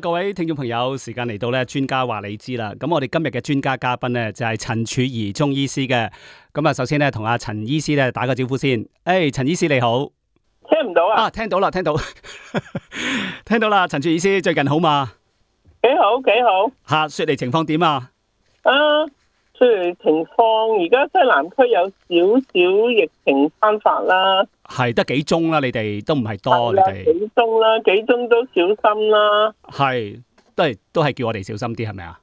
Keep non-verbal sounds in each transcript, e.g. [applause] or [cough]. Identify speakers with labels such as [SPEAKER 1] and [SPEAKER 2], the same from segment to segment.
[SPEAKER 1] 各位聽眾朋友，時間嚟到咧，專家話你知啦。咁我哋今日嘅專家嘉賓咧就係陳曙儀中醫師嘅。咁啊，首先咧同阿陳醫師咧打個招呼先。誒、哎，陳醫師你好，聽唔到啊？聽到啦，聽到， [laughs] 聽到啦。陳曙儀醫師最近好嘛？
[SPEAKER 2] 幾好幾好。
[SPEAKER 1] 吓，雪梨情況點啊？啊，
[SPEAKER 2] 雪梨情況而家、啊、西南區有少少疫情翻發啦。
[SPEAKER 1] 係得幾鐘啦，你哋都唔係多，的你哋們
[SPEAKER 2] 幾鐘啦，幾鐘都小心啦。
[SPEAKER 1] 係都係都係叫我哋小心啲，係咪啊？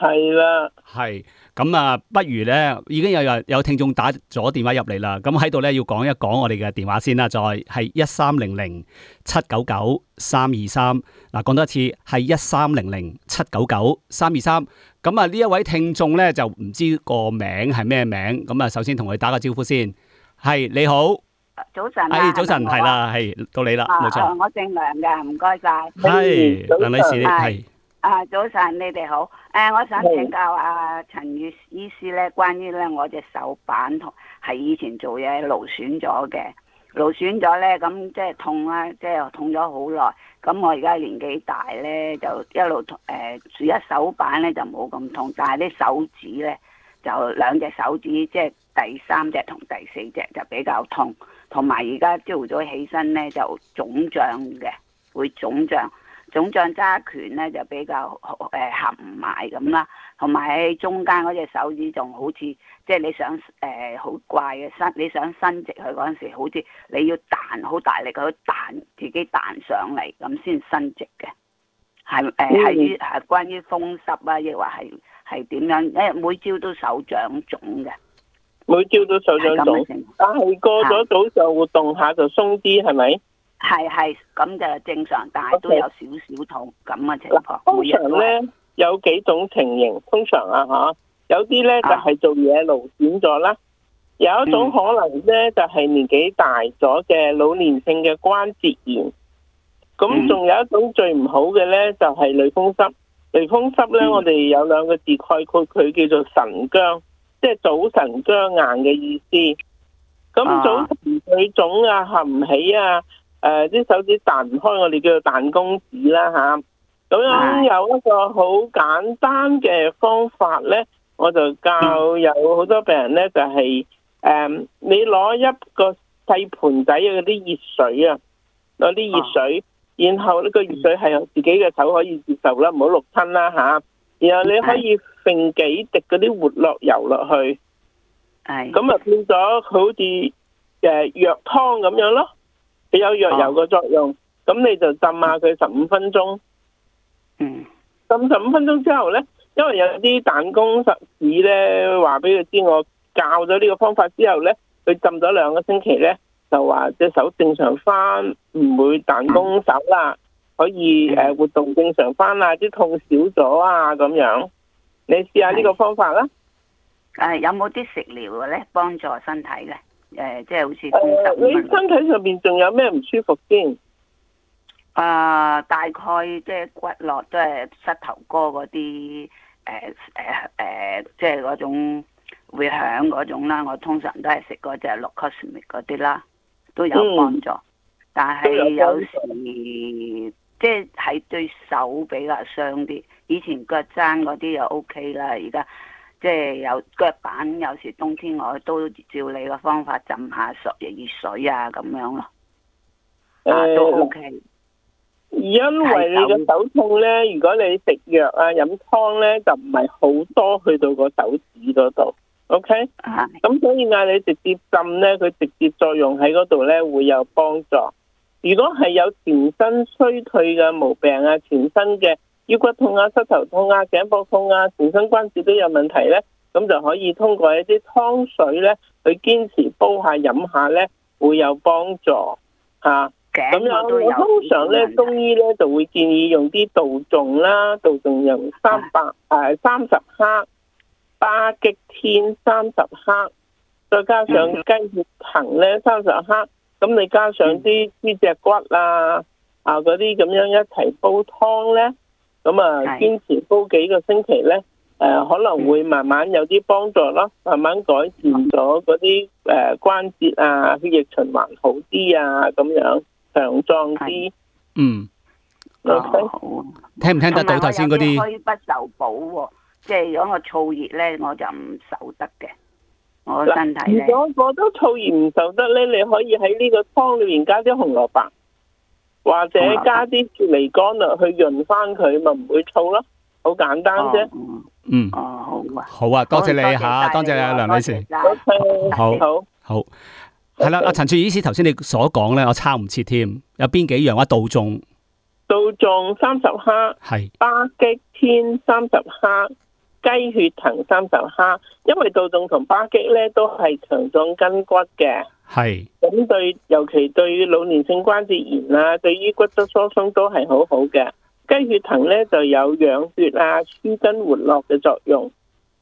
[SPEAKER 2] 係啦
[SPEAKER 1] 的。係咁啊，不如咧，已經有有有聽眾打咗電話入嚟啦。咁喺度咧，要講一講我哋嘅電話先啦。再係一三零零七九九三二三。嗱，講多一次，係一三零零七九九三二三。咁啊，呢一位聽眾咧就唔知個名係咩名。咁啊，首先同佢打個招呼先。係你好。
[SPEAKER 3] 早晨啊，哎、早晨係啦，
[SPEAKER 1] 係到你啦，冇、啊、錯。
[SPEAKER 3] 我姓梁嘅，唔該晒。係梁女士，係啊，早晨你哋好。誒、哎，我想請教阿、啊哦、陳曙儀醫師咧，關於咧我隻手板痛，係以前做嘢勞損咗嘅，勞損咗咧，咁即係痛啦、啊，即係痛咗好耐。咁我而家年紀大咧，就一路誒、呃、住一手板咧，就冇咁痛，但係啲手指咧就兩隻手，手、就是、手指，即係第三隻同第四隻就比較痛。同埋而家朝早起身咧就腫脹嘅，會腫脹，腫脹揸拳咧就比較誒合唔埋咁啦。同埋喺中間嗰隻手指仲好似，即係你想誒好、呃、怪嘅伸，你想伸直佢嗰陣時，好似你要彈好大力佢彈自己彈上嚟咁先伸直嘅。係誒係於係關於風濕啊，亦或係係點樣？誒每
[SPEAKER 2] 朝都手掌腫嘅。每朝都手掌痛，但
[SPEAKER 3] 係過咗早
[SPEAKER 2] 上活動下就鬆啲，係咪？係
[SPEAKER 3] 係咁就正常，但係都有少
[SPEAKER 2] 少痛咁嘅情況。通常咧有幾種情形，通常啊吓，有啲咧就係做嘢勞損咗啦，有一種可能咧就係年紀大咗嘅老年性嘅關節炎。咁仲有一種最唔好嘅咧，就係類風濕。類風濕咧，我哋有兩個字概括，佢叫做神僵。即係早晨僵硬嘅意思，咁早晨水腫啊、合唔起啊、誒、呃、啲手指彈唔開，我哋叫做彈弓指啦吓。咁、啊、樣有一個好簡單嘅方法咧，我就教有好多病人咧，就係、是、誒、呃，你攞一個細盆仔啊，啲熱水啊，攞啲熱水，然後呢個熱水係由自己嘅手可以接受啦，唔好淥親啦吓。然後你可以剩幾滴嗰啲活絡油落去，係咁啊，變咗佢好似誒、呃、藥湯咁樣咯，佢有藥油嘅作用，咁、哦、你就浸下佢十五分鐘。嗯，浸十五分鐘之後呢，因為有啲彈弓手指呢，話俾佢知我教咗呢個方法之後呢，佢浸咗兩個星期呢，就話隻手正常翻，唔會彈弓手啦。嗯可以誒活動正常翻啊，啲痛少咗啊咁樣。你試下呢個方法啦。
[SPEAKER 3] 誒有冇啲食療嘅咧幫助身體嘅？誒即係好似通濕咁
[SPEAKER 2] 你身體上面仲有咩唔舒服先？啊、
[SPEAKER 3] 呃，大概即係骨落，即係膝頭哥嗰啲誒誒誒，即係嗰種會響嗰種啦。我通常都係食嗰隻 Locosmic 嗰啲啦，都有幫助。嗯、但係有時。即係對手比較傷啲，以前腳踭嗰啲又 O K 啦，而家即係有腳板，有時冬天我都照你個方法浸下索熱水啊咁樣咯，
[SPEAKER 2] 啊都 O K，呃。因為你手痛咧，如果你食藥啊、飲湯咧，就唔係好多去到個手指嗰度，O K？啊，咁所以嗌你直接浸咧，佢直接作用喺嗰度咧會有幫助。如果係有全身衰退嘅毛病啊，全身嘅腰骨痛啊、膝頭痛啊、頸部痛啊、全身關節都有問題呢，咁就可以通過一啲湯水呢去堅持煲下飲下呢，會有幫助嚇。咁、啊、樣、啊、我通常呢，中醫呢就會建議用啲杜仲啦，杜仲用三百誒三十克，巴戟天三十克，再加上雞血藤呢三十克。咁你、嗯、加上啲啲隻骨啊，啊嗰啲咁樣一齊煲湯咧，咁啊堅持煲幾個星期咧，誒、呃、的可能會慢慢有啲幫助咯，慢慢改善咗嗰啲誒關節啊，的血液循環好啲啊，咁樣強壯啲，的
[SPEAKER 3] 嗯，聽唔聽得到頭先嗰啲，唔受補喎、即係如果我燥熱咧，我就唔受得嘅。
[SPEAKER 2] 我如果我都燥而唔受得咧，你可以喺呢個湯裏面加啲紅蘿蔔，或者加啲雪梨乾啊，去潤翻佢，咪唔會燥咯。好簡單啫。嗯。哦，
[SPEAKER 1] 好啊，好啊，多謝你吓，多謝梁女士。
[SPEAKER 2] 好，好，
[SPEAKER 1] 好。係啦，阿陳曙儀醫師，頭先你所講咧，我抄唔切添，有邊幾樣啊？杜仲，
[SPEAKER 2] 杜仲三十克，係，巴戟天三十克。雞血藤三十克，因為杜仲同巴戟咧都係強壯筋骨嘅，係咁對，尤其對老年性關節炎啦，對於骨質疏鬆都係好好嘅。雞血藤咧就有養血啊、舒筋活絡嘅作用。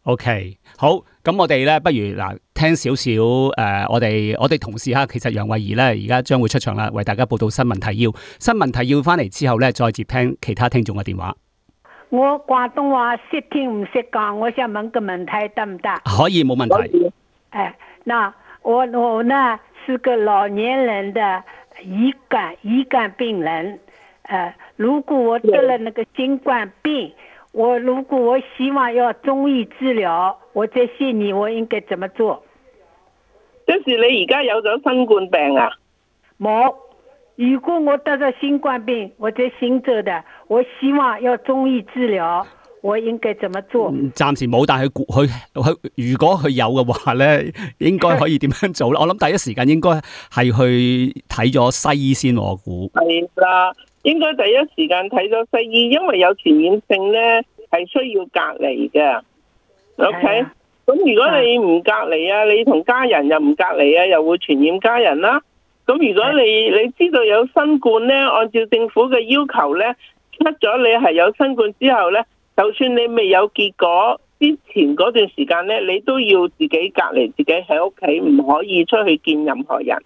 [SPEAKER 1] OK，好，咁我哋咧不如嗱聽少少誒，我哋我哋同事哈，其實楊慧儀咧而家將會出場啦，為大家報道新聞提要。新聞提要翻嚟之後咧，再接聽其他聽眾嘅電話。
[SPEAKER 4] 我廣東話識聽唔識講，我想問個問題得唔得？可以，冇問題。哎、嗯，那我我呢是個老年人的乙肝乙肝病人，誒、呃，如果我得了那個新冠病我如果我希望要中醫治療，我謝謝你，我應該怎麼做？
[SPEAKER 2] 就是你而家有咗新冠病啊？
[SPEAKER 4] 冇。如果我得咗新冠病或者在新州的，我希望要中醫治療，我應該怎麼做？
[SPEAKER 1] 暫時冇，但係佢佢如果佢有嘅話呢，應該可以點樣做啦？ [laughs] 我諗第一時間應該係去睇咗西醫先，我估係
[SPEAKER 2] 啦，應該第一時間睇咗西醫，因為有傳染性呢，係需要隔離嘅。OK，咁的如果你唔隔離啊，的你同家人又唔隔離啊，又會傳染家人啦。咁如果你你知道有新冠咧，按照政府嘅要求咧，出咗你係有新冠之後咧，就算你未有結果之前嗰段時間咧，你都要自己隔離，自己喺屋企唔可以出去見任何人。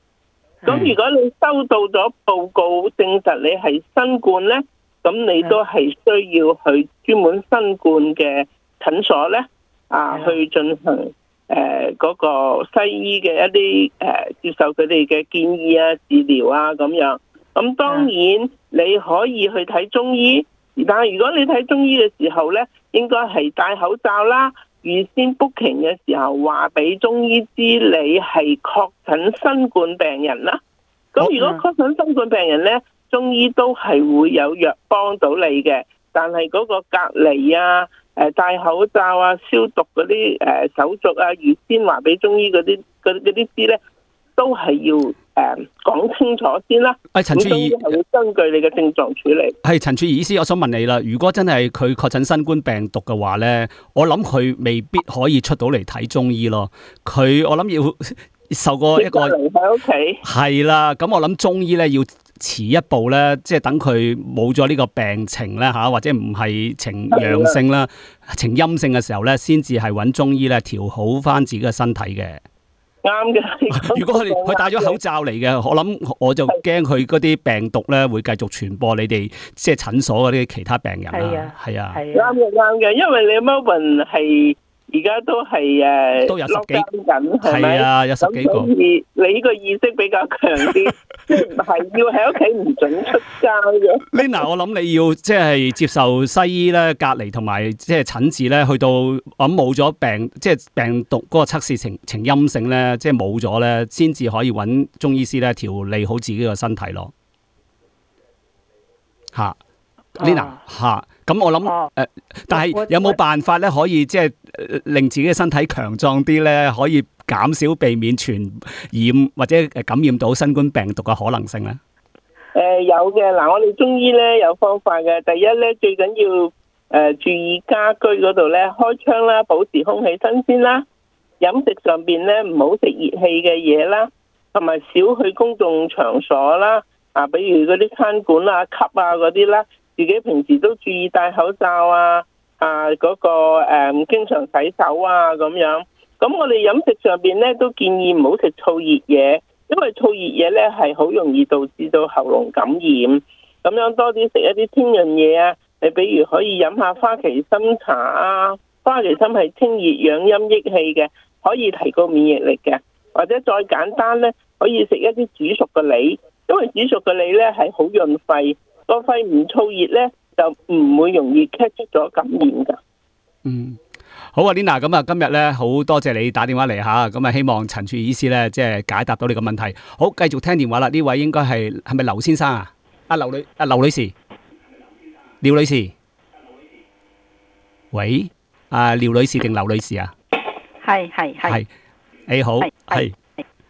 [SPEAKER 2] 咁如果你收到咗報告證實你係新冠咧，咁你都係需要去專門新冠嘅診所咧啊去進行。誒嗰、呃那個西醫嘅一啲誒、呃、接受佢哋嘅建議啊、治療啊咁樣，咁當然你可以去睇中醫，但係如果你睇中醫嘅時候咧，應該係戴口罩啦，預先 booking 嘅時候話俾中醫知你係確診新冠病人啦。咁如果確診新冠病人咧，中醫都係會有藥幫到你嘅，但係嗰個隔離啊。誒，戴口罩啊，消毒嗰啲誒手續啊，預先話俾中醫嗰啲嗰啲師咧，都係要誒、呃、講清楚先啦。誒、哎，中醫係會根據你嘅症狀處理。
[SPEAKER 1] 係陳曙儀醫師，我想問你啦，如果真係佢確診新冠病毒嘅話咧，我諗佢未必可以出到嚟睇中醫咯。佢我諗要 [laughs] 受過一個
[SPEAKER 2] 留喺屋企。
[SPEAKER 1] 係啦，咁我諗中醫咧要。遲一步咧，即係等佢冇咗呢個病情咧嚇，或者唔係呈陽性啦，呈的陰性嘅時候咧，先至係揾中醫咧調好翻自己嘅身體嘅。
[SPEAKER 2] 啱嘅，如果佢佢 [laughs]
[SPEAKER 1] 戴咗口罩嚟嘅，的我諗我就驚佢嗰啲病毒咧會繼續傳播你哋即係診所嗰啲其他病人啊，係啊的，啱嘅，
[SPEAKER 2] 啱嘅，因為你阿媽雲係。而家都係誒、啊，都有十幾人係啊？有十幾個。所以你呢個意識比較強啲，係 [laughs] 要喺屋企唔准出街嘅。 [laughs] Lina，我諗你要即係、就是、
[SPEAKER 1] 接受西醫咧隔離同埋即係診治咧，去到我諗冇咗病，即、就、係、是、病毒嗰個測試呈呈陰性咧，即係冇咗咧，先至可以揾中醫師咧調理好自己個身體咯。吓，Lina 吓。 [laughs] 咁我諗、呃，但係有冇辦法咧，可以即係、呃、令自己嘅身體強壯啲咧，可以減少避免傳染或者感染到新冠病毒嘅可能性咧、
[SPEAKER 2] 呃？有嘅，嗱，我哋中醫咧有方法嘅。第一咧，最緊要誒、呃、注意家居嗰度咧，開窗啦，保持空氣新鮮啦。飲食上邊咧，唔好食熱氣嘅嘢啦，同埋少去公眾場所啦。啊，比如嗰啲餐館啊、吸啊嗰啲啦。自己平時都注意戴口罩啊，啊嗰、嗰個誒、嗯、經常洗手啊咁樣，咁我哋飲食上邊咧都建議唔好食燥熱嘢，因為燥熱嘢咧係好容易導致到喉嚨感染，咁樣多啲食一啲清潤嘢啊，你比如可以飲下花旗參茶啊，花旗參係清熱養陰益氣嘅，可以提高免疫力嘅，或者再簡單咧可以食一啲煮熟嘅梨，因為煮熟嘅梨咧係好潤肺。個肺唔燥熱咧，就
[SPEAKER 1] 唔會容易 catch 咗感染噶。嗯，好啊，Lina，咁啊，ina, 今日咧好多謝你打電話嚟吓，咁啊，希望陳曙儀醫師咧即係解答到你個問題。好，繼續聽電話啦，呢位應該係係咪劉先生啊？阿、啊、劉女阿劉、啊、女士，廖女士，喂，阿、啊、廖女士定劉女士啊？
[SPEAKER 4] 係係
[SPEAKER 1] 係，你好，係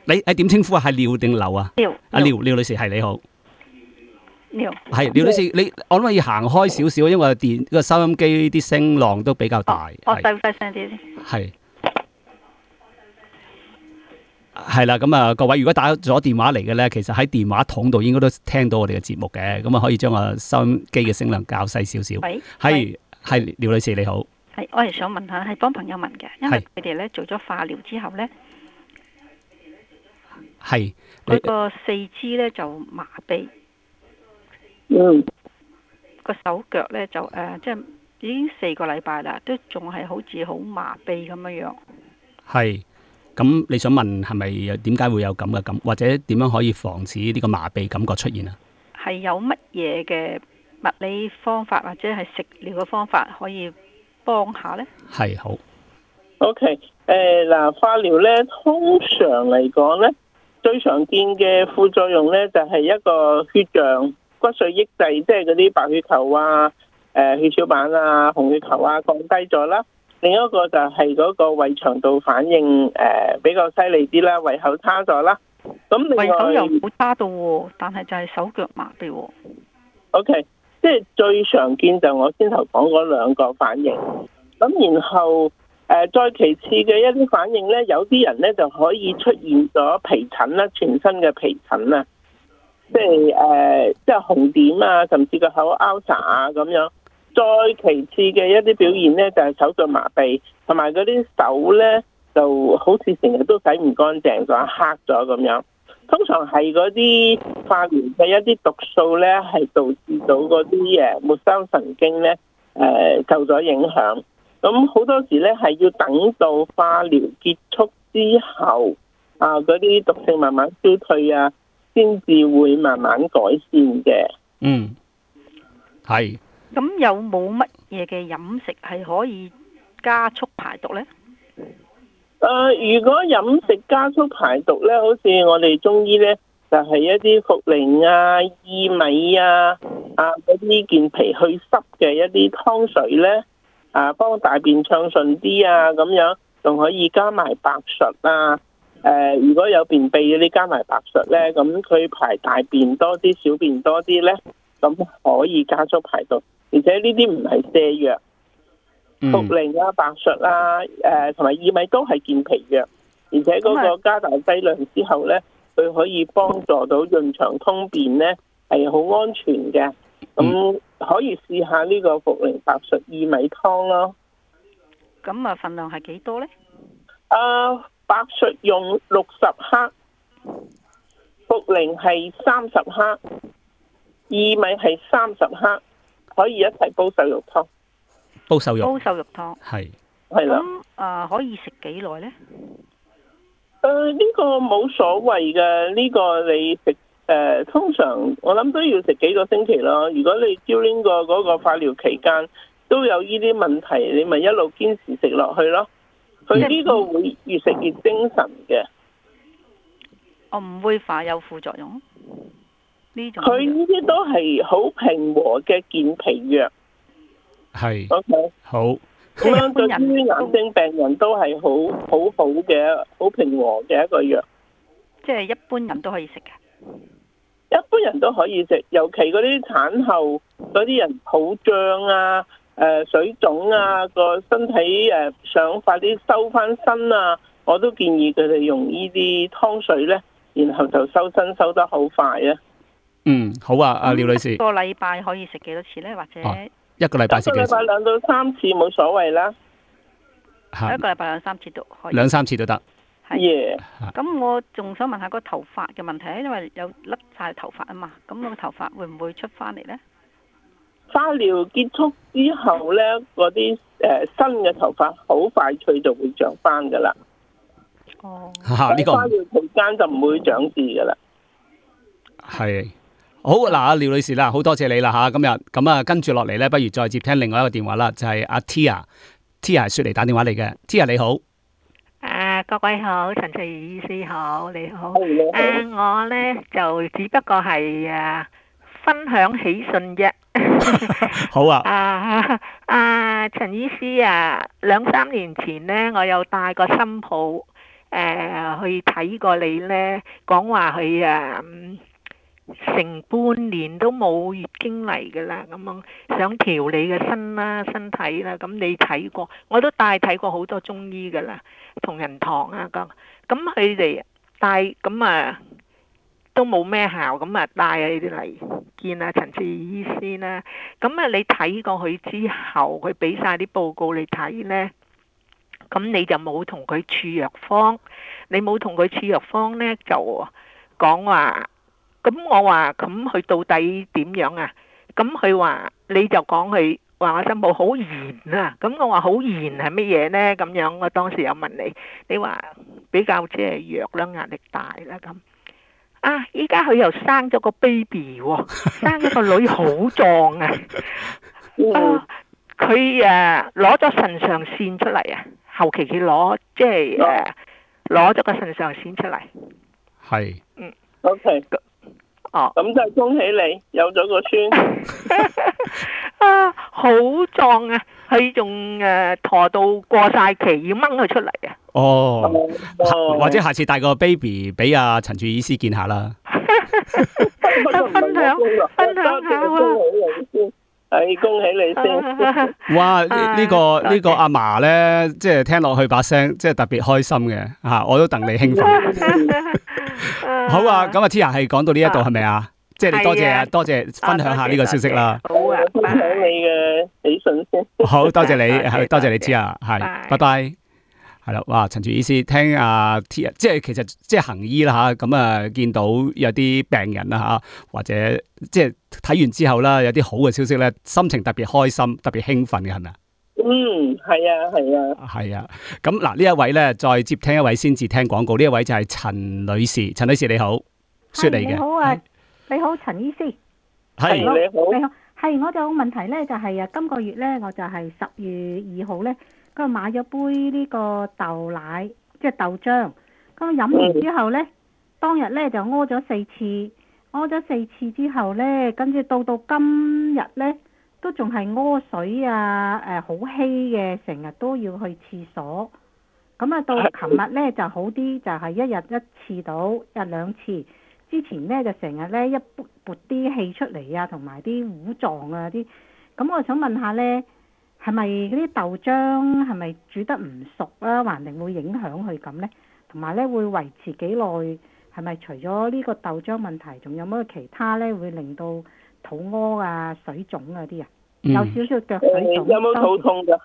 [SPEAKER 1] 你誒？點稱呼劉啊？係廖定劉啊？廖阿廖廖女士係，你好。
[SPEAKER 4] 廖係廖女士，你
[SPEAKER 1] 我諗可以行開少少，因為電個收音機啲聲浪都比較大。哦，細細聲啲
[SPEAKER 4] 先。
[SPEAKER 1] 係係啦，咁啊，各位如果打咗電話嚟嘅呢，其實喺電話筒度應該都聽到我哋嘅節目嘅，咁啊可以將個收音機嘅聲量較細少少。喂，係係廖女士你好。
[SPEAKER 4] 係我係想問下，
[SPEAKER 1] 係幫朋友問嘅，
[SPEAKER 4] 因為佢哋呢做咗化療之後呢，係佢是、嗯、個四肢呢就麻痹。嗯，個手腳咧就誒、呃，即係已經四個禮拜啦，都仲係好似好麻痹咁樣樣。
[SPEAKER 1] 係，咁你想問係咪有點解會有咁嘅感，或者點樣可以防止呢個麻痹感覺出現啊？
[SPEAKER 4] 係有乜嘢嘅物理方法或
[SPEAKER 2] 者係食療嘅方法可以幫下咧？係好。OK，誒嗱，化療咧通常嚟講咧最常見嘅副作用咧就係、是、一個血象。骨髓抑制即係嗰啲白血球啊、誒、呃、血小板啊、紅血球啊降低咗啦，另一個就係嗰個胃腸道反應誒、呃、比較犀利啲啦，胃口差咗啦。咁另外胃口又好差到、哦，但係就係手腳麻痹、哦。O K，即係最常見就我先頭講嗰兩個反應。咁然後誒、呃、再其次嘅一啲反應咧，有啲人咧就可以出現咗皮疹啦，全身嘅皮疹啊。即係誒、呃，即係紅點啊，甚至個口拗沙啊咁樣。再其次嘅一啲表現咧，就係、是、手腳麻痹同埋嗰啲手咧就好似成日都洗唔乾淨，個黑咗咁樣。通常係嗰啲化療嘅一啲毒素咧，係導致到嗰啲誒末梢神經咧誒、呃、受咗影響。咁好多時咧係要等到化療結束之後啊，嗰、呃、啲毒性慢慢消退啊。先至會慢慢改善嘅，
[SPEAKER 1] 嗯，係。
[SPEAKER 2] 咁
[SPEAKER 4] 有冇乜嘢嘅飲食係可以加速排毒
[SPEAKER 2] 呢？誒，如果飲食加速排毒呢，好似我哋中醫呢，就係一啲茯苓啊、薏米啊、啊嗰啲健脾去濕嘅一啲湯水呢，啊，幫大便暢順啲啊，咁樣仲可以加埋白朮啊。誒、呃，如果有便秘嘅，加埋白術咧，咁佢排大便多啲，小便多啲咧，咁可以加速排毒。而且呢啲唔係瀉藥，茯苓、嗯、啊、白術啦，誒，同埋薏米都係健脾藥。而且嗰個加大劑量之後咧，佢、嗯、可以幫助到潤腸通便咧，係好安全嘅。咁可以試下呢個茯苓白術薏米湯咯。咁啊、嗯，份量係幾多咧？啊、呃。白朮用六十克，茯苓係三十克，薏米係三十克，可以一齊煲瘦肉湯。煲瘦肉。煲瘦肉湯。係的，係啦、嗯。咁、呃、可以食幾耐呢？誒、呃，呢、呢個冇所謂嘅，呢、呢個你食誒、呃，通常我諗都要食幾個星期咯。如果你 during 嗰個嗰個化療期間都有呢啲問題，你咪一路堅持食落去咯。佢呢個會越食越精神嘅，
[SPEAKER 4] 我唔會化有副作用
[SPEAKER 2] 呢種。佢呢啲都係好平和嘅健脾藥，係，OK 好。咁樣對於癌症病人都係好好好嘅，好平和嘅一個藥，即係一
[SPEAKER 4] 般人都可以食嘅。
[SPEAKER 2] 一般人都可以食，尤其嗰啲產後嗰啲人好脹啊。誒，水腫啊，個身體誒想快啲收翻身啊，我都建議佢哋用呢啲湯水咧，然後就收身收得好快啊。
[SPEAKER 1] 嗯，好啊，阿廖女士，一個
[SPEAKER 4] 禮拜可以食幾多次咧？或者
[SPEAKER 1] 一個禮拜食幾？一個禮拜
[SPEAKER 4] 兩到三次冇所謂啦。是一個禮拜兩三次都可以。兩三次都得。係。咁我仲想問下個頭髮嘅問題，因為有甩晒頭髮啊嘛，咁、我個頭髮會唔會出翻嚟咧？
[SPEAKER 2] 化療結束之後咧，嗰啲誒新嘅頭髮好快脆就會長翻噶啦。哦、啊，吓呢個化療期間就唔會，會長痣噶啦。
[SPEAKER 1] 係、啊這個、好嗱，廖女士啦，好多謝你啦吓、啊，今日咁啊，跟住落嚟咧，不如再接聽另外一個電話啦，就係、是、阿、啊、Tia Tia 雪梨打電話嚟嘅，Tia 你好。
[SPEAKER 4] 誒、啊，各位好，陳曙儀醫師好，你好。係我、哦。我咧、啊、就只不過係啊分享喜訊啫。好 [laughs] 啊！啊啊，陳醫師啊，兩三年前呢，我有帶個新抱誒去睇過你呢。講話佢啊、嗯、成半年都冇月經嚟噶啦，咁樣想調你嘅身啦身體啦，咁你睇過，我都帶睇過好多中醫噶啦，同仁堂啊咁，咁佢哋帶咁啊。都冇咩效，咁啊帶你啲嚟見阿陳曙儀醫師啦。咁啊，你睇過佢之後，佢俾晒啲報告你睇呢，咁你就冇同佢處藥方，你冇同佢處藥方呢，就講話。咁我話，咁佢到底點樣啊？咁佢話，你就講佢話我心抱好嚴啊。咁我話好嚴係乜嘢呢？咁樣我當時有問你，你話比較即係弱啦，壓力大啦咁。啊！依家佢又生咗個 baby， [laughs] 生咗個女好壯啊！佢誒攞咗腎上腺出嚟啊，後期佢攞即係誒攞咗個腎上腺出嚟。係是，
[SPEAKER 2] 嗯，OK，哦、啊，咁就恭喜你有咗個孫 [laughs] [laughs]
[SPEAKER 4] 啊，好壯啊！佢仲誒陀到過晒期，要掹佢出嚟
[SPEAKER 2] 嘅哦，或者下次
[SPEAKER 1] 帶個 baby 俾阿陳曙儀醫師見下啦 [laughs]
[SPEAKER 2] [laughs] 分享分享
[SPEAKER 1] 分享，恭喜你先，係恭喜你先。哇！呢個呢個阿嫲咧，即係聽落去把聲，即係特別開心嘅嚇，我都戥你興奮。
[SPEAKER 2] 好
[SPEAKER 1] 啊，咁啊，Tia 係講到呢一度係咪啊？即係多謝啊，多謝分享下呢個消息啦。
[SPEAKER 2] 好啊，分享你嘅。好多謝
[SPEAKER 1] 你，係多謝你知啊，係，拜拜，係啦，哇，陳曙儀醫師，聽阿 T，即係其實即係行醫啦吓，咁啊見到有啲病人啦吓、啊，或者即係睇完之後啦，啊、後有啲好嘅消息咧，心情特別開心，特別興奮嘅，係咪啊？嗯，係啊，
[SPEAKER 2] 係啊，
[SPEAKER 1] 係 [laughs] 啊，咁嗱呢一位咧再接聽一位先至聽廣告，呢一位就係陳女士，陳女士你好，雪你嘅，你好
[SPEAKER 4] 啊，你好陳醫師，係你好。係，我就問題咧就係、是、啊，今個月咧我就係十月二號咧，咁買咗杯呢個豆奶，即係豆漿。咁飲完之後咧，當日咧就屙咗四次，屙咗四次之後咧，跟住到到今日咧都仲係屙水啊！誒，好稀嘅，成日都要去廁所。咁啊，到琴日咧就好啲，就係、是、一日一次到一兩次。之前咧就成日咧一撥撥啲氣出嚟啊，同埋啲糊狀啊啲，咁我想問下咧，係咪嗰啲豆漿係咪煮得唔熟啊，還定會影響佢咁咧？同埋咧會維持幾耐？係咪除咗呢個豆漿問題，仲有冇其他咧會令到肚屙啊、水腫啊啲啊？嗯、
[SPEAKER 1] 有少
[SPEAKER 2] 少腳水腫，嗯、時有冇肚痛㗎？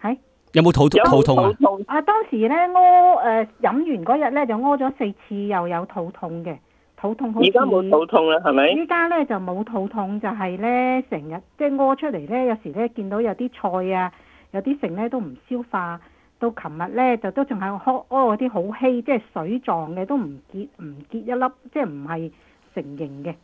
[SPEAKER 4] 係。
[SPEAKER 1] 有冇肚痛？肚痛
[SPEAKER 4] 肚肚啊！當時咧屙，誒，飲、呃、完嗰日咧就屙咗四次，又有肚痛嘅，肚痛好似。而家冇肚痛啦，係咪？而家咧就冇肚痛，就係咧成日即係屙出嚟咧，有時咧見到有啲菜啊，有啲食咧都唔消化，到琴日咧就都仲係屙屙嗰啲好稀，即係水狀嘅，都唔結唔結一粒，即係唔係成形嘅，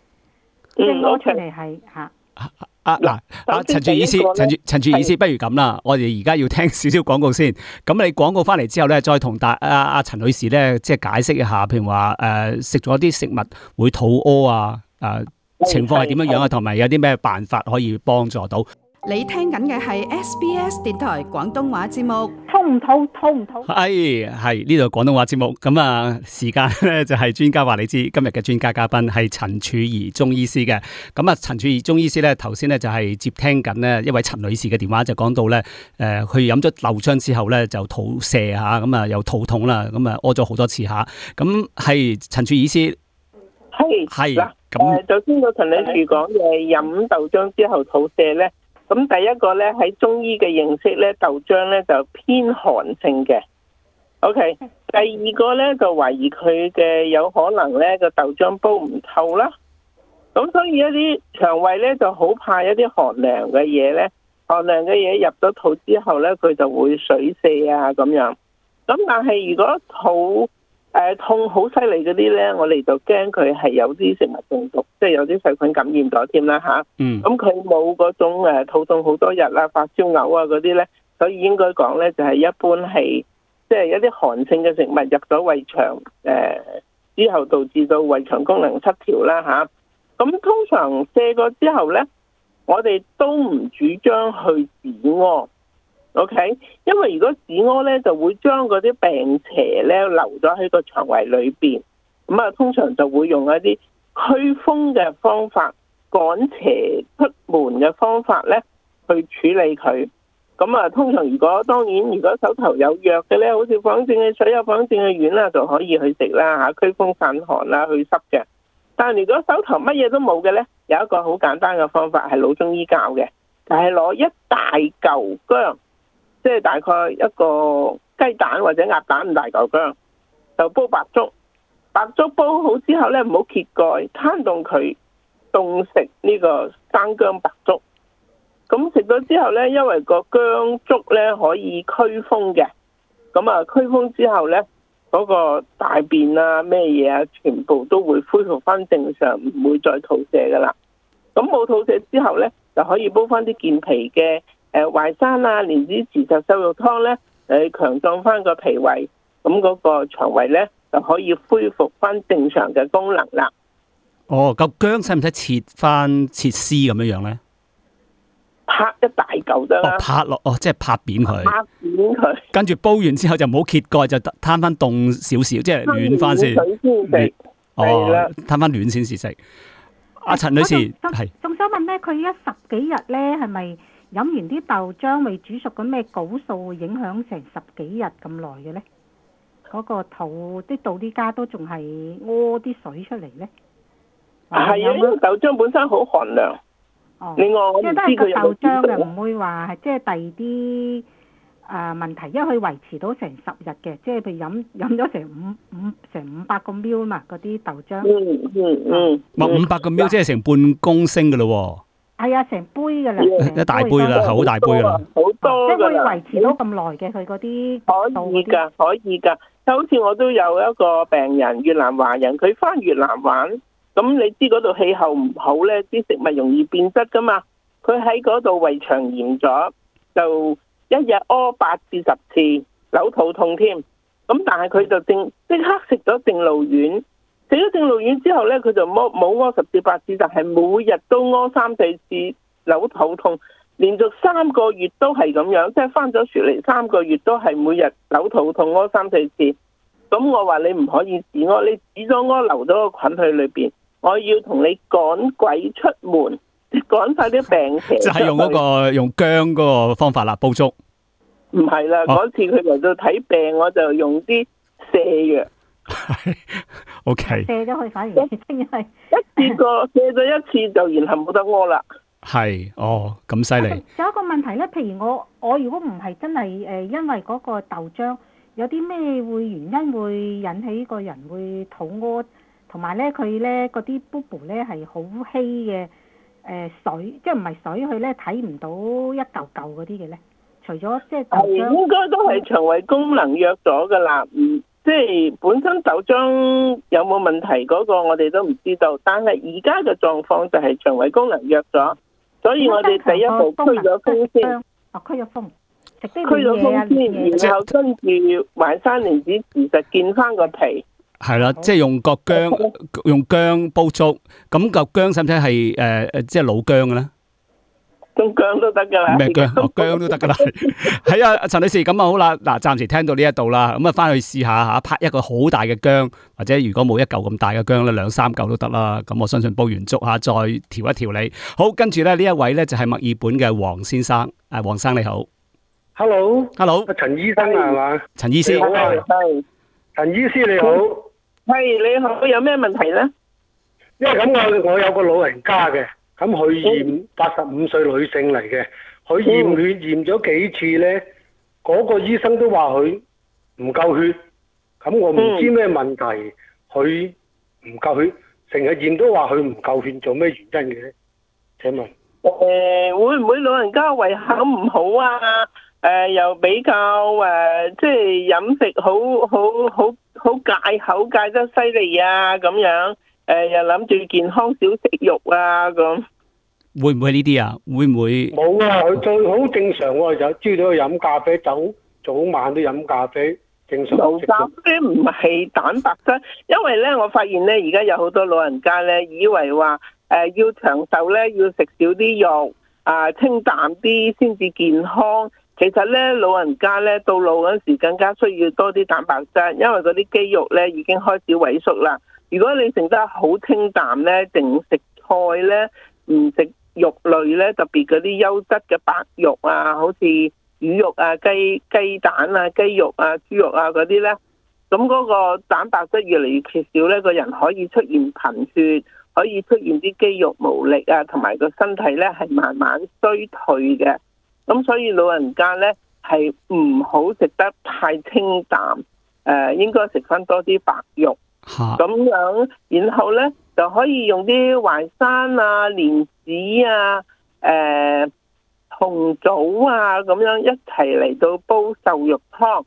[SPEAKER 1] 即係屙
[SPEAKER 4] 出嚟係吓。嗯嗯嗯
[SPEAKER 1] 啊嗱，陳、啊、住、啊啊 uh, 意思，starred ese? 陳住陳住意思， [noise] 不如咁啦，的我哋而家要聽少少廣告先。咁你廣告翻嚟之後咧，再同大阿阿陳女士咧，即係解釋一下，譬如話誒食咗啲食物會肚屙啊，誒情況係點樣樣啊，同埋的有啲咩辦法可以幫助到。
[SPEAKER 4] 你聽緊嘅係 SBS 電台廣東話節目，通唔通？通唔通
[SPEAKER 1] ？Hi,」係係呢度廣東話節目，咁啊，時間咧就係、是、專家話你知，今日嘅專家嘉賓係陳曙儀中醫師嘅。咁啊，陳曙儀中醫師咧，頭先咧就係接聽緊咧一位陳女士嘅電話就、呃，就講到咧，誒，佢飲咗豆漿之後咧就肚瀉吓，咁啊又肚痛啦，咁啊屙咗好多次吓，咁係陳曙儀醫師，
[SPEAKER 2] 係係咁誒，首先我同陳女士講嘅飲豆漿之後肚瀉咧。咁第一個呢，喺中醫嘅認識呢，豆漿呢就偏寒性嘅。OK，第二個呢就懷疑佢嘅有可能呢個豆漿煲唔透啦。咁所以一啲腸胃呢就好怕一啲寒涼嘅嘢呢，寒涼嘅嘢入咗肚之後呢，佢就會水瀉啊咁樣。咁但係如果肚呃、痛好犀利嗰啲呢，我哋就驚佢係有啲食物中毒，即係有啲細菌感染咗添啦吓。咁佢冇嗰種誒、啊，肚痛好多日啦，發燒、啊、嘔啊嗰啲呢。所以應該講呢，就係、是、一般係，即、就、係、是、一啲寒性嘅食物入咗胃腸誒、啊，之後導致到胃腸功能失調啦吓。咁、啊啊嗯、通常瀉過之後呢，我哋都唔主張去止屙。OK，因為如果止屙咧，就會將嗰啲病邪咧留咗喺個腸胃裏邊。咁、嗯、啊，通常就會用一啲驅風嘅方法，趕邪出門嘅方法咧，去處理佢。咁、嗯、啊，通常如果當然，如果手頭有藥嘅咧，好似仿正嘅水有仿正嘅丸啊，就可以去食啦嚇，驅風散寒啦，去濕嘅。但係如果手頭乜嘢都冇嘅咧，有一個好簡單嘅方法係老中醫教嘅，就係攞一大嚿薑。即係大概一個雞蛋或者鴨蛋咁大嚿姜，就煲白粥。白粥煲好之後咧，唔好揭蓋，攤凍佢凍食呢個生姜白粥。咁食咗之後咧，因為個姜粥咧可以驅風嘅，咁啊驅風之後咧，嗰、那個大便啊咩嘢啊，全部都會恢復翻正常，唔會再吐瀉噶啦。咁冇吐瀉之後咧，就可以煲翻啲健脾嘅。誒，淮山啊，蓮子、茨實、瘦肉湯咧，誒，強壯翻個脾胃，咁嗰個腸胃咧就可以恢復翻正常嘅功能啦。
[SPEAKER 1] 哦，嚿薑使唔使切翻切絲咁樣樣咧？拍一大嚿得啦，拍落哦，即係拍扁佢，拍扁佢，跟住煲完之後就唔好揭蓋，就得攤翻凍少少，即係暖翻先。哦，攤翻暖先試食。阿陳女士係，
[SPEAKER 4] 仲想問咧，佢而家十幾日咧，係咪？飲完啲豆漿未煮熟嘅咩酵素會影響成十幾日咁耐嘅咧？嗰、嗰個肚啲到啲家都仲係屙啲水出嚟咧？係啊，
[SPEAKER 2] 豆漿本身好寒涼。哦。另外，即我唔知佢豆漿又
[SPEAKER 4] 唔會話係即係第二啲啊問題，因為佢可以維持到成十日嘅，即係譬如飲飲咗成五五成五百個 m l 啊嘛，嗰啲豆漿，嗯。
[SPEAKER 5] 嗯嗯嗯。五
[SPEAKER 1] 百個 m l 即係成半公升噶咯。係啊，成杯噶啦，一 [noise] 大杯啦，好大杯啦，
[SPEAKER 2] 好多，即係可以維持到咁耐嘅佢嗰啲。可以噶，可以噶。就好似我都有一個病人，越南華人，佢翻越南玩，咁你知嗰度氣候唔好呢，啲食物容易變質噶嘛。佢喺嗰度胃腸炎咗，就一日屙八至十次，扭肚痛添。咁但係佢就定即刻食咗正路丸。死咗正露丸之後呢，佢就摸冇屙十次八次，但係每日都屙三四次，扭肚痛，連續三個月都係咁樣，即係返咗雪梨嚟，三個月都係每日扭肚痛屙三四次。咁我話你唔可以止屙，你止咗屙留咗個菌去裏邊，我要同你趕鬼出門，趕晒啲病邪。就係用嗰、那個
[SPEAKER 1] 以用薑嗰個方法啦，煲粥。
[SPEAKER 2] 唔係啦，嗰、啊、次佢嚟到睇病，我就用啲瀉藥。
[SPEAKER 1] 係，O K，卸
[SPEAKER 4] 咗佢反而一次，係 [laughs] Okay.
[SPEAKER 2] 一次過借咗 [laughs] 一次就然後冇得屙啦。
[SPEAKER 1] 係， [laughs] 哦，咁犀
[SPEAKER 4] 利。有一個問題咧，譬如我，我如果唔係真係誒，因為嗰個豆漿有啲咩會原因會引起個人會肚屙，同埋咧佢咧嗰啲 b u b b 咧係好稀嘅，誒、呃、水，即係唔係水，佢咧睇唔到一嚿嚿嗰啲嘅咧，除咗即係豆漿，應該都係腸
[SPEAKER 2] 胃功能弱咗噶啦，嗯。即係本身豆漿有冇問題嗰個我哋都唔知道，但係而家嘅狀況就係腸胃功能弱咗，所以我哋第一步驅咗風
[SPEAKER 4] 先，哦，驅咗風，食啲嘢啊，蓮
[SPEAKER 2] 子，然後跟住淮山蓮子，其實健翻個脾，
[SPEAKER 1] 係啦，即係用個薑，用薑煲粥，咁個薑使唔使係誒，即係老薑嘅咧？
[SPEAKER 2] 薑都得噶啦，咩薑？薑都得噶啦，
[SPEAKER 1] 係 [laughs] 啊，陳、 [laughs] 哎、女士，咁啊好啦，嗱，暫時聽到呢一度啦，咁啊，翻去試下吓，拍一個好大嘅薑，或者如果冇一嚿咁大嘅薑咧，兩三嚿都得啦，咁我相信煲完粥吓，再調一調理。好，跟住咧呢一位咧就係墨爾本嘅黃先生，誒、啊，黃生你好
[SPEAKER 5] ，Hello，Hello，陳醫生係嘛？陳 Hello, Hello. 醫生，陳是吧醫生你好，係你好，有咩問題咧？因為咁我我有個老人家嘅。咁佢驗八十五歲女性嚟嘅，佢驗血驗咗幾次呢？嗰個醫生都話佢唔夠血，咁我唔知咩問題，佢唔夠血，成日驗都話佢唔夠血，做咩原因嘅咧？請問會唔會
[SPEAKER 2] 老人家胃口唔好啊？呃，又比較、呃、即係飲食好好好好戒口戒得犀利啊，咁樣？誒、呃，
[SPEAKER 5] 又諗住健康少食肉啊，咁
[SPEAKER 1] 會唔會呢啲啊？會唔會
[SPEAKER 5] 冇啊？佢最好正常，有朝早飲咖啡酒，酒早晚都飲咖啡，正常。咖啡唔係蛋白質，因為呢，我發現呢，而家有好多老
[SPEAKER 2] 人家呢，以為話誒、呃、要長壽呢要食少啲肉啊、呃，清淡啲先至健康。其實呢，老人家呢，到老嗰時，更加需要多啲蛋白質，因為嗰啲肌肉呢已經開始萎縮啦。如果你食得好清淡呢，淨食菜呢，唔食肉類呢，特別嗰啲優質嘅白肉啊，好似魚肉啊、雞雞蛋啊、雞肉啊、豬肉啊嗰啲呢，咁嗰個蛋白質越嚟越缺少呢，呢個人可以出現貧血，可以出現啲肌肉無力啊，同埋個身體呢係慢慢衰退嘅。咁所以老人家呢，係唔好食得太清淡，誒、呃、應該食翻多啲白肉。咁、啊、樣，然後咧，就可以用啲淮山啊、蓮子啊、誒、呃、紅棗啊，咁樣一齊嚟到煲瘦肉湯。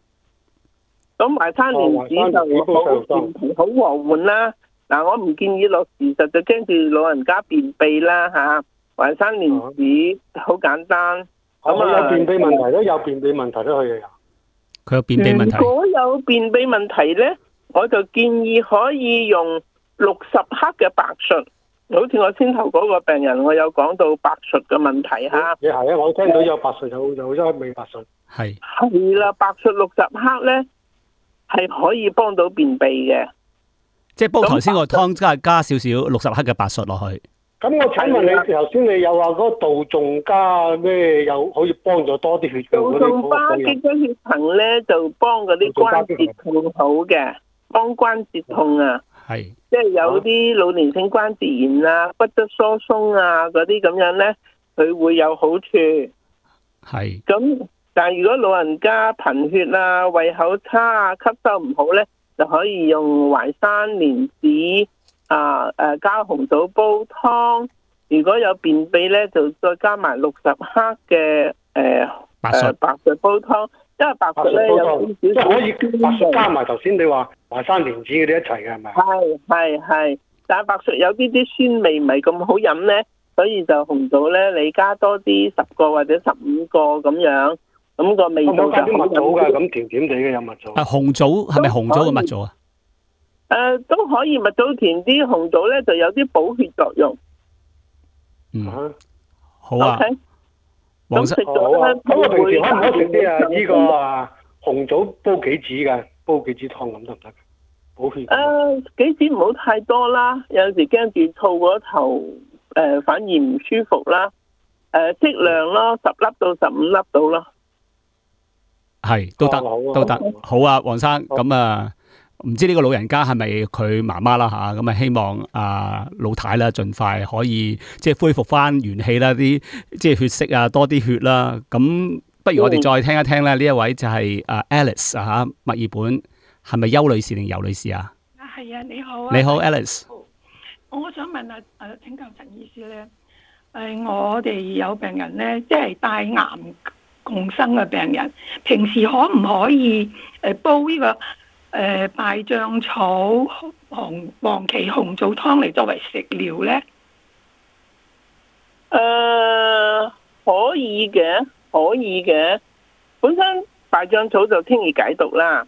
[SPEAKER 2] 咁淮山蓮子就好健脾好和緩啦、啊。嗱，我唔建議落事實，就驚住老人家便秘啦、啊、吓。淮山蓮子好、啊、簡單。咁啊，有便秘問題都有便秘問題都可以
[SPEAKER 1] 啊。佢有便秘問題。嗯、問題如
[SPEAKER 2] 果有便秘問題咧？我就建議可以用六十克嘅白術，好似我先頭嗰個病人，我有講到白術嘅問題嚇，你係啊，我聽到有
[SPEAKER 5] 白術，有有一味白術。係。係啦，白術六十克咧，係可以幫到便秘嘅。
[SPEAKER 1] 即
[SPEAKER 2] 係
[SPEAKER 5] 煲頭
[SPEAKER 1] 先個湯，加加少少六十克嘅白術落去。
[SPEAKER 5] 咁我請問你頭先的你又話嗰道仲加咩？又可以幫咗多啲血道嗰啲。道仲巴擊咗血層咧，就幫嗰啲
[SPEAKER 2] 關節好嘅。當關節痛啊，係是即係有啲老年性關節炎啊、骨質疏鬆啊嗰啲咁樣呢，佢會有好處。係咁是，但係如果老人家貧血啊、胃口差啊、吸收唔好呢，就可以用淮山蓮子啊誒、呃呃、加紅棗煲湯。如果有便秘呢，就再加埋六十克嘅誒誒白朮菜煲湯。因
[SPEAKER 5] 為白術咧有啲少，即係可以白術加埋頭
[SPEAKER 2] 先，你話淮山蓮子嗰啲一齊嘅係咪？係係係，但係白術有啲啲酸味，唔係咁好飲咧，所以就紅棗咧，你加多啲十個或者十五個咁樣，咁、那個味道就甜啲嘅。有
[SPEAKER 5] 蜜
[SPEAKER 1] 棗，係紅棗係咪紅棗嘅蜜棗啊？誒、
[SPEAKER 2] 呃，都可以蜜棗甜啲，紅棗咧
[SPEAKER 5] 就有啲補血作用。嗯，好啊。Okay? 咁食咗啦，咁我平時可唔可食啲啊？呢個可可啊，嗯，這個、紅棗煲杞子嘅，煲杞子湯咁得唔得？補
[SPEAKER 2] 血啊，杞、呃、子唔好太多啦，有陣時驚住燥過頭，誒、呃、反而唔舒服啦，誒、呃，適量咯，十粒到十五粒到啦，
[SPEAKER 1] 係都得，都得，好啊，黃生，咁啊。唔知呢個老人家係咪佢媽媽啦吓，咁啊希望啊老太啦盡快可以即係恢復翻元氣啦，啲即係血色啊多啲血啦。咁不如我哋再聽一聽咧，呢一位就係啊 Alice 啊，墨爾本係咪邱女士定尤女士啊？
[SPEAKER 4] 啊係啊，你好啊。你好，Alice。我想問啊，請教陳醫師咧，誒，我哋有病人咧，即係帶癌共生嘅病人，平時可唔可以誒煲呢個？誒，敗醬草、
[SPEAKER 2] 紅黃芪、紅棗湯嚟作為食療咧？誒，可以嘅，可以嘅。本身敗醬草就清熱解毒啦。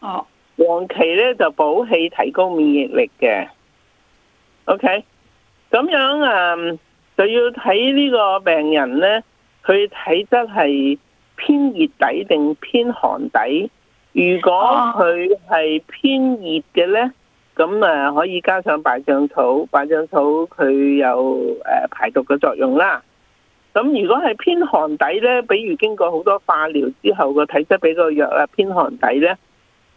[SPEAKER 2] 哦，黃芪咧就補氣、提高免疫力嘅。OK，咁樣誒、啊、就要睇呢個病人咧，佢體質係偏熱底定偏寒底？如果佢係偏熱嘅呢，咁啊可以加上敗醬草，敗醬草佢有誒排毒嘅作用啦。咁如果係偏寒底呢，比如經過好多化療之後個體質比較弱啊，偏寒底呢，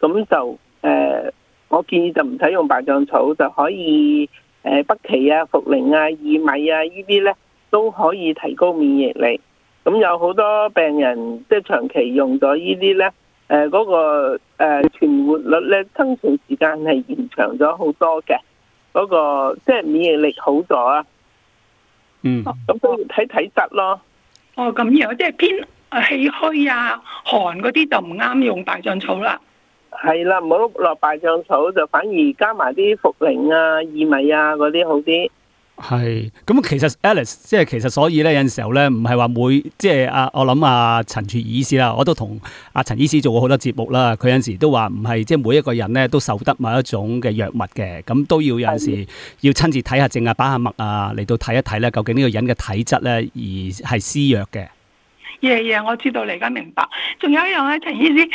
[SPEAKER 2] 咁就誒、呃，我建議就唔使用敗醬草，就可以誒北芪啊、茯苓啊、薏米啊呢啲呢都可以提高免疫力。咁有好多病人即係長期用咗呢啲呢。誒，嗰、呃那個誒存、呃、活率咧，生存時間係延長咗好多嘅，嗰、那個即係免疫力好咗啊。嗯。咁都要睇體質咯。哦，咁樣即係偏誒氣虛啊、寒嗰啲就唔啱用敗醬草啦。係啦，唔好落敗醬草，就反而加埋啲茯苓啊、薏米啊嗰啲好啲。
[SPEAKER 1] 係，咁其實 Alice 即係其實所以咧，有陣時候咧，唔係話每即係啊，我諗啊陳曙儀醫師啦，我都同阿陳醫師做過好多節目啦，佢有陣時都話唔係即係每一個人咧都受得某一種嘅藥物嘅，咁都要有陣時要親自睇下症啊，把下脈啊，嚟到睇一睇咧，究竟呢個人嘅體質咧而係施藥嘅。
[SPEAKER 4] 耶耶，爺爺我知道你而家明白。仲有一樣咧，陳醫師，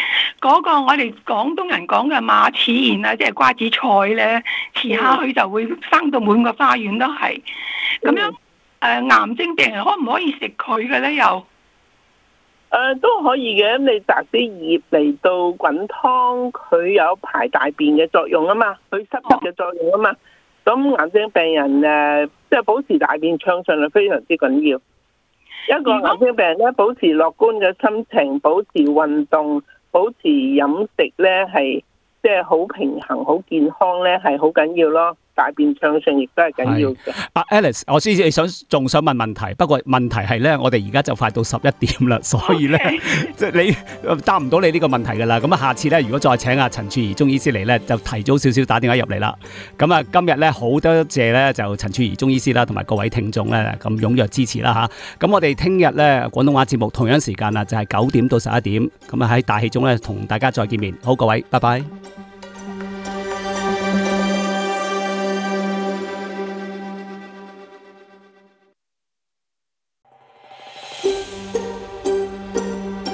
[SPEAKER 4] 嗰、那個我哋廣東人講嘅馬齒莧啊，即係瓜子菜咧，遲下佢就會生到滿
[SPEAKER 2] 個花園都係。咁樣誒、嗯呃，癌症病人可唔可以食佢嘅咧？又誒、呃，都可以嘅。你摘啲葉嚟到滾湯，佢有排大便嘅作用啊嘛，佢濕氣嘅作用啊嘛。咁、哦嗯、癌症病人誒，即、呃、係保持大便暢順係，非常之緊要。一個癌症病人呢，保持樂觀嘅心情，保持運動，保持飲食呢，係即係好平衡、好健康呢，係好緊要咯。大便
[SPEAKER 1] 暢順亦都係緊要嘅。阿 Alex，我先想仲想問問題，不過問題係咧，我哋而家就快到十一點啦，Okay. 所以咧即係你答唔到你呢個問題㗎啦。咁啊，下次咧，如果再請阿陳曙儀中醫師嚟咧，就提早少少打電話入嚟啦。咁啊，今日咧好多謝咧就陳曙儀中醫師啦，同埋各位聽眾咧咁踴躍支持啦吓，咁、啊、我哋聽日咧廣東話節目同樣時間啦，就係九點到十一點。咁啊喺大氣中咧同大家再見面。好，各位，拜拜。